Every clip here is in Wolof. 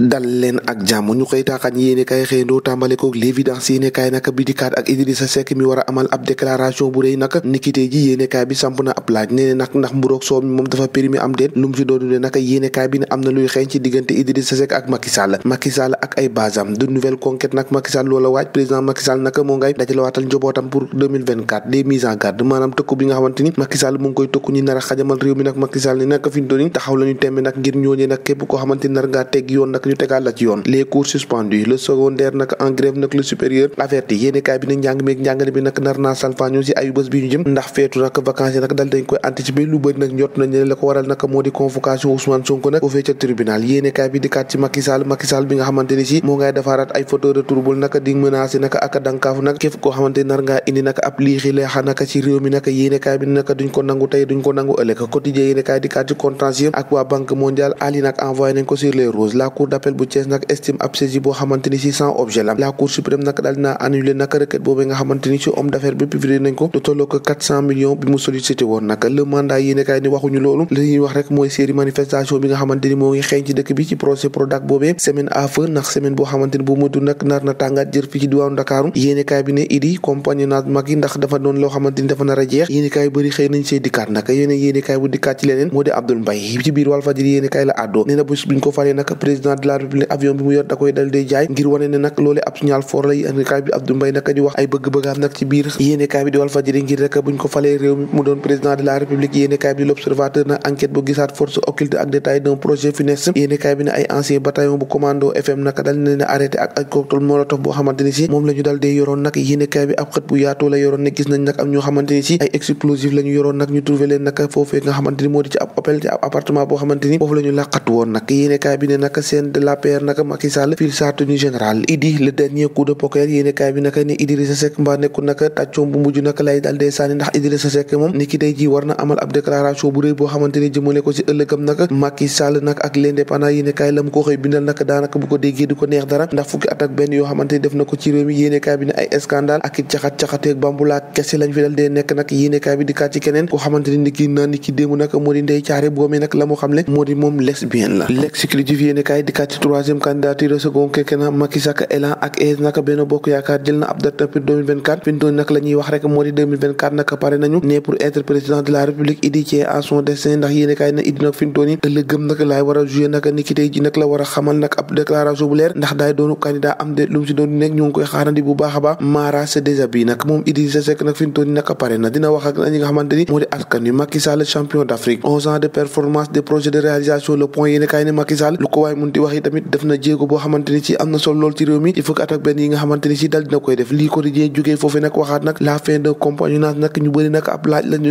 dal leen ak jàmm ñu koy taaxaan yéene kaay xëyndoo tàmbale ko l'évidence yéene kaay naka bi dikkaat ak Idrissa Seck mi war a amal ab déclaration bu naka nikitee ji yéene bi samp na ab laaj nee naka yéene kaay bi ne am na luy xeeñ ci diggante Idrissa Seck ak Macky Sall Macky Sall ak ay basam de nouvelle conquête nag Macky loola waaj président Macky Sall naka moo ngay dajalawaatal njobootam pour 2024 des mises en garde maanaam tëkku bi nga xamante a xajamal réew mi xamante nar ngaa ñu tegaat la yoon les cours suspendus le secondaire nag en grève supérieur averti yéeni kaay bi nag njàng meeg njàngale bi nag nar naa salfaañu si ayu bés ndax feetu nag vacances yi dal dañ koy anticiper lu bëri nag njot nañ ne ay photo retour nag di menacé nag ak dankaafu nag képp xamante nar indi nag ab liixi leexa ci réew mi nag yéeni kaay bi duñ ko nangu tey duñ ko nangu ëllëg ko sur les roses la d'appel bu Thiès nag estime ab saisie boo xamante si sans objet la la cour suprême nag daal dina annulé nag requête nga xamante si homme d'affaires bi publié nañ ko manifestation bi nga xamante ni xeeñ ci dëkk bi ci procès Prodac boobee semaine à feu semaine boo xamante ni bu mu dund nag jër fii ci diwaanu Dakaaru yéene kaay bi ne idi compagnie mag yi ndax dafa doon loo xamante dafa nar jeex yéene kaay yu xëy nañ de la république avion bi mu yor da koy dal di jaay ngir wane ne nag ab signal fort la yéenekaay bi Abdou Mbaye naka di bi ne ay seen domaine naka Macky Sall fil sa tenue générale idi le dernier coup de poker yéene kaay bi daanaka bu ko du ko neex dara ndax fukki at benn yoo xamante def na ko ci mi yéene kaay bi ne ay scandale ak it caxat-caxateeg bambulaa kese lañ fi dal dee nekk nag naka moo di ndey caare boomi nag la mu xamle moo di moom lesbienne candidat ci troisième candidature second quinquennat Macky Sall Elan ak AS naka benn bokk yaakaar jël na ab date pour 2024 fi wax rek moo naka pare na ndax daay doonu candidat am de lu mu nekk ñu koy xaarandi bu baax a Mara se déshabille moom Idrissa Seck nag fi naka pare na dina wax ak ñi nga xamante ni moo champion d'Afrique 11 ans de performance de projet de réalisation le point yéene kaay ne Macky lu ko waay mun di waxee tamit def na jéego boo ci dal dina koy def lii quotidien jógee foofu nag waxaat laaj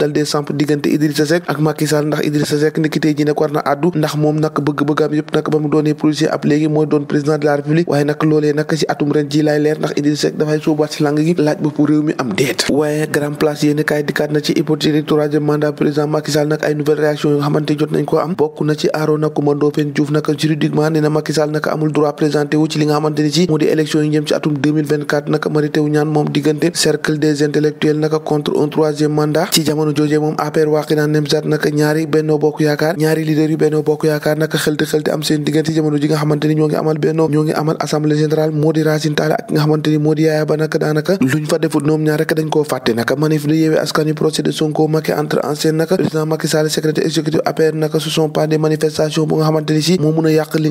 dal dee samp diggante Idrissa Seck ak ndax Idrissa Seck ndax moom nag bëgg-bëggaam mu doon président de la république waaye nag loolee nag ci atum ren ji laay leer ndax Idrissa Seck dafay sóobaat laaj boppu réew mi am déet waaye grand place yéeni kaay dikkaat na ci hypothétique troisième mandat président Macky Sall ay nouvelle réaction yoo xamante jot nañ ko am na naka amul droit ñaari Benno Bokk Yaakaar ñaari leaders Benno Bokk Yaakaar naka xelti xelti am seen diggante jamono ji nga xamante ni ñoo amal benno ñoo amal assemblée générale moo di Racine Talla xamante ni moo Yaya Ba naka daanaka luñ fa defut ñoom ñaar rek dañ koo naka manif de Yewwi Askan Wi procès naka président Macky Sall secrétaire exécutif APR naka ce sont pas des manifestations bu nga xamante ni ci moo mën a yàq li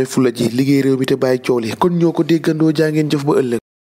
mooy fula ji liggéey réew mi te bàyyi kon ñoo ko déggandoo jaa ngeen jëf ba ëllëg